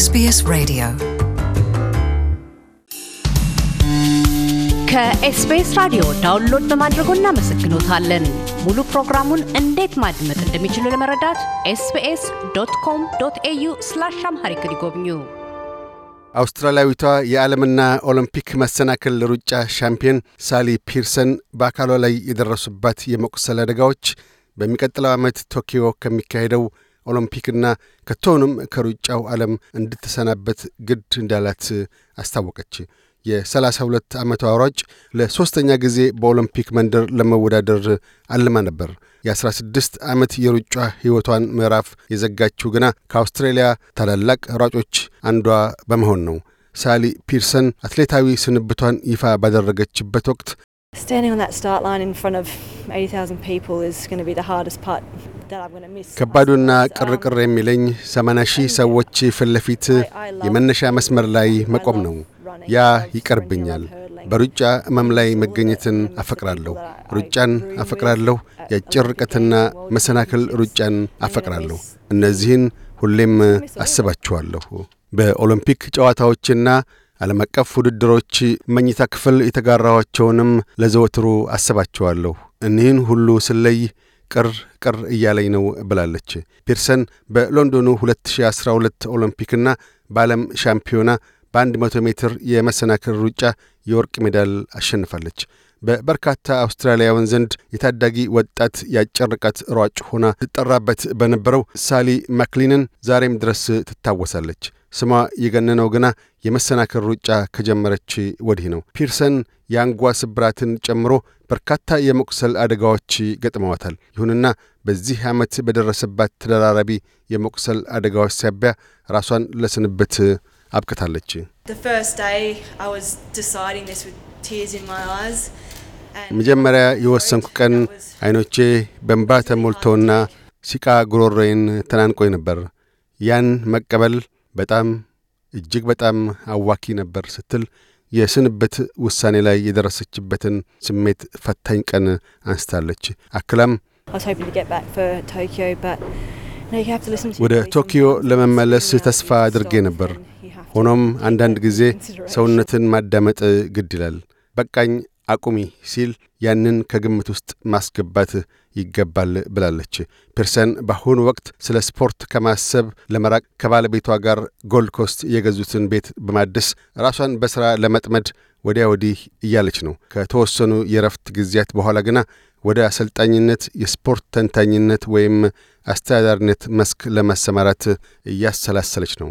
ኤስቢኤስ Radio ከኤስቢኤስ ራዲዮ ዳውንሎድ በማድረጎ እናመሰግኖታለን። ሙሉ ፕሮግራሙን እንዴት ማድመጥ እንደሚችሉ ለመረዳት ኤስቢኤስ ዶት ኮም ዶት ኤዩ ስላሽ አምሃሪክ ይጎብኙ። አውስትራሊያዊቷ የዓለምና ኦሎምፒክ መሰናክል ሩጫ ሻምፒዮን ሳሊ ፒርሰን በአካሏ ላይ የደረሱባት የመቁሰል አደጋዎች በሚቀጥለው ዓመት ቶኪዮ ከሚካሄደው ኦሎምፒክና ከቶውንም ከሩጫው ዓለም እንድትሰናበት ግድ እንዳላት አስታወቀች። የ32 ዓመቷ ሯጭ ለሦስተኛ ጊዜ በኦሎምፒክ መንደር ለመወዳደር አልማ ነበር። የ16 ዓመት የሩጫ ሕይወቷን ምዕራፍ የዘጋችው ግና ከአውስትሬልያ ታላላቅ ሯጮች አንዷ በመሆን ነው። ሳሊ ፒርሰን አትሌታዊ ስንብቷን ይፋ ባደረገችበት ወቅት ከባዱና um, ቅርቅር የሚለኝ 80 ሺህ ሰዎች ፊት ለፊት የመነሻ መስመር ላይ መቆም ነው። ያ ይቀርብኛል። በሩጫ እመም ላይ መገኘትን አፈቅራለሁ። ሩጫን አፈቅራለሁ። የአጭር ርቀትና መሰናክል ሩጫን አፈቅራለሁ። እነዚህን ሁሌም አስባችኋለሁ። በኦሎምፒክ ጨዋታዎችና ዓለም አቀፍ ውድድሮች መኝታ ክፍል የተጋራኋቸውንም ለዘወትሩ አስባችኋለሁ። እኒህን ሁሉ ስለይ ቅር ቅር እያለኝ ነው ብላለች። ፒርሰን በሎንዶኑ 2012 ኦሎምፒክና በዓለም ሻምፒዮና በ100 ሜትር የመሰናክል ሩጫ የወርቅ ሜዳል አሸንፋለች። በበርካታ አውስትራሊያውያን ዘንድ የታዳጊ ወጣት የአጭር ርቀት ሯጭ ሆና ትጠራበት በነበረው ሳሊ ማክሊንን ዛሬም ድረስ ትታወሳለች። ስሟ የገነነው ግና የመሰናክል ሩጫ ከጀመረች ወዲህ ነው። ፒርሰን የአንጓ ስብራትን ጨምሮ በርካታ የመቁሰል አደጋዎች ገጥመዋታል። ይሁንና በዚህ ዓመት በደረሰባት ተደራራቢ የመቁሰል አደጋዎች ሳቢያ ራሷን ለስንብት አብቅታለች። መጀመሪያ የወሰንኩ ቀን አይኖቼ በንባ ተሞልተውና ሲቃ ጉሮሮዬን ተናንቆኝ ነበር። ያን መቀበል በጣም እጅግ በጣም አዋኪ ነበር ስትል የስንብት ውሳኔ ላይ የደረሰችበትን ስሜት ፈታኝ ቀን አንስታለች። አክላም ወደ ቶኪዮ ለመመለስ ተስፋ አድርጌ ነበር። ሆኖም አንዳንድ ጊዜ ሰውነትን ማዳመጥ ግድ ይላል። በቃኝ አቁሚ ሲል ያንን ከግምት ውስጥ ማስገባት ይገባል ብላለች። ፒርሰን በአሁኑ ወቅት ስለ ስፖርት ከማሰብ ለመራቅ ከባለቤቷ ጋር ጎልድ ኮስት የገዙትን ቤት በማደስ ራሷን በሥራ ለመጥመድ ወዲያ ወዲህ እያለች ነው። ከተወሰኑ የረፍት ጊዜያት በኋላ ግና ወደ አሰልጣኝነት፣ የስፖርት ተንታኝነት ወይም አስተዳዳሪነት መስክ ለመሰማራት እያሰላሰለች ነው።